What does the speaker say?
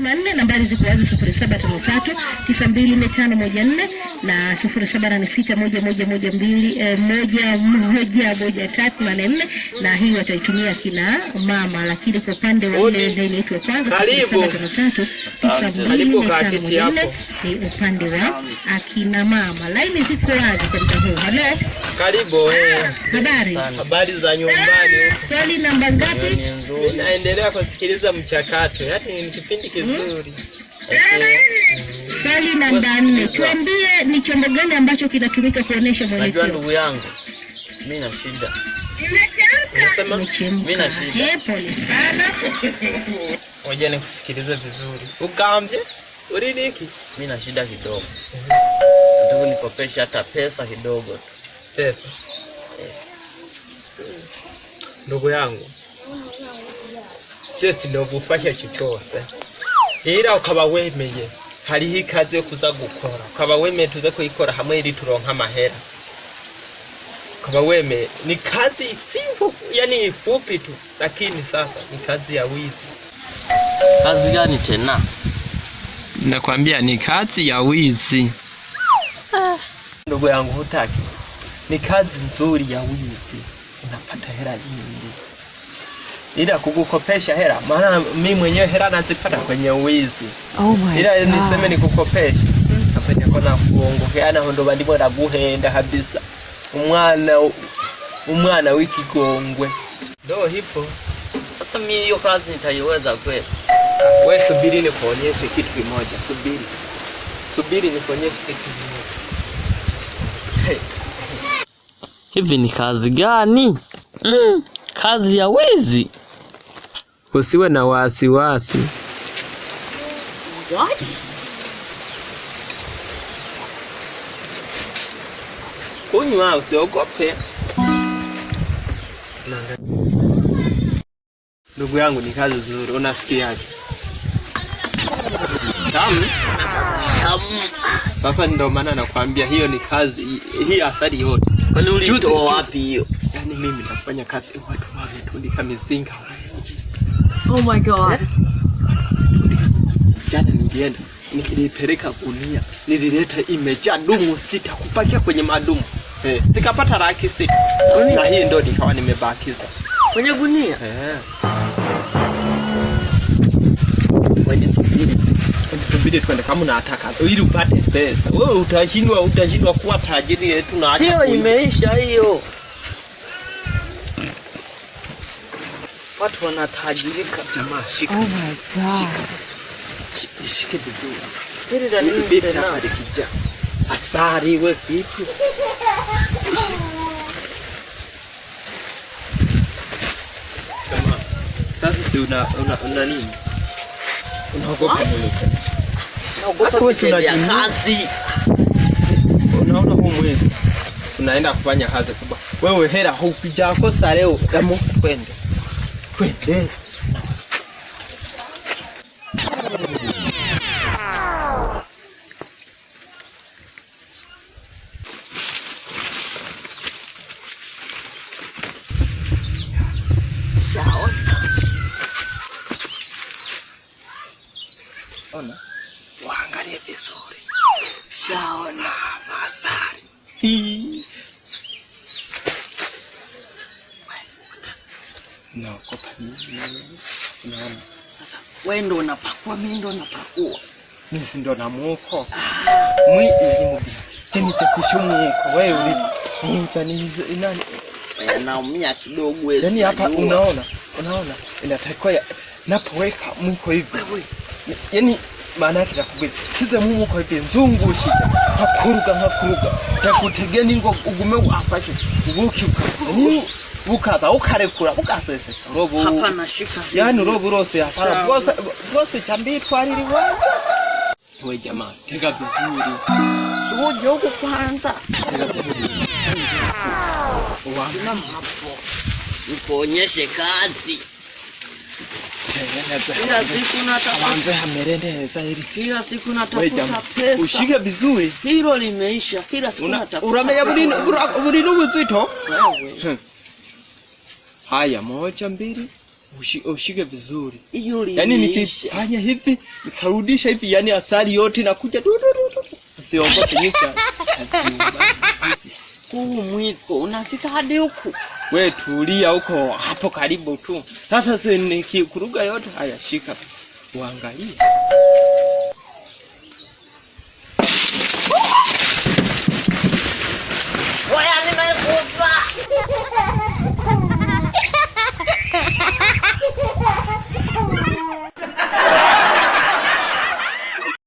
Manne nambari ziko wazi 0753 924514 na 0786111113 eh, na hii wataitumia kina mama, lakini kwa upande wa ile yetu ya kwanza ni upande wa akina mama. Laini ziko wazi kwa mda huu. Karibu. Eh. Habari. Habari za nyumbani. Ah, swali namba ngapi? Naendelea kusikiliza mchakato. Yaani ni kipindi kizuri. Hmm? Eh, eh. Swali namba nne. Tuambie ni chombo gani ambacho kinatumika kuonesha mwelekeo? Najua ndugu yangu. Mimi na shida. Mimi na shida. Eh, pole sana. Ngoja nikusikilize vizuri. Ukaambie uridiki. Mimi na shida kidogo. Mhm. Nataka nikopeshe hata pesa kidogo tu pesa ndugu yangu, Jesu nogufasha cyose ira ukaba wemeye hariho ikazi yo kuza gukora ukaba wemeye tuze kuyikora hamwe iri turonka amahera ukaba wemeye ni kazi si yani ifupi tu lakini sasa ni kazi ya wizi kazi gani tena nakwambia ni kazi ya wizi ah. ndugu yangu hutaki ni kazi nzuri ya wizi, unapata hela nyingi, ila kukukopesha hela, maana mimi mwenyewe hela nazipata kwenye wizi. Oh my ila God. niseme nikukopesha mm. apete kona kuongokeana hondo bandimo buhenda kabisa umwana umwana wiki w'ikigongwe ndo hipo sasa. Mimi hiyo kazi nitaiweza kweli? We subiri nikuonyeshe kitu kimoja, subiri subiri nikuonyeshe kitu kimoja. Hey. Hivi ni kazi gani? Mm, kazi ya wizi. Usiwe na wasiwasi. What? Kunywa, usiogope. Ndugu yangu, ni kazi nzuri, unasikiaje? Tamu. Sasa ndio maana nakwambia hiyo ni kazi, hii athari yote Kwani ulitoa wapi hiyo? Yaani mimi nafanya kazi eh, watu wametundika mizinga. Oh my god. Eh? Jana ningeenda nikilipeleka gunia, nilileta imejaa dumu sita kupakia kwenye madumu. Eh, sikapata laki sita. Na hii ndio nikawa nimebakiza. Kwenye gunia? Eh. Wewe ni tusubiri tuende kama unataka ili upate pesa. Wewe utashindwa, utashindwa kuwa tajiri yetu na acha hiyo. Imeisha hiyo, watu wanatajirika jamaa. Shika, oh my god, shika, shika vizuri. Hili na hadi kija. Asari wewe vipi? sasa si una una, una nini Unaona huu mwezi unaenda kufanya kazi kubwa. Wewe hela hukujakosa leo, kama kwende kwende Nishaona masari. Sasa wewe ndo unapakua, mimi ndo napakua. Mimi si ndo namuoko. Mwi yaani yaani Naumia kidogo wewe. Yaani hapa unaona? Unaona? Inatakiwa napoweka muko hivi. Yaani maana yake nakubwira size mumu kwaite nzungushije nkakuruka nkakuruka ndakutege ningo ugume afashe ubukibuka bukata ukarekura bukasese robo hapana shika yani robo rose hapana bwose bwose cyambitwaririwe we jamaa tega vizuri suje huko kwanza tega vizuri uwaona hapo upoonyeshe kazi Ushike vizuri. Hilo limeisha. Kila siku natafuta. bulini uzito. Haya, moja mbili. Ushike vizuri. Yaani nikifanya hivi, nikarudisha hivi, yani asali yote inakuja. Siogope nyika. huu mwiko unafika hadi huku. We tulia huko hapo karibu tu. Sasa nikikuruga yote, haya shika uangalie.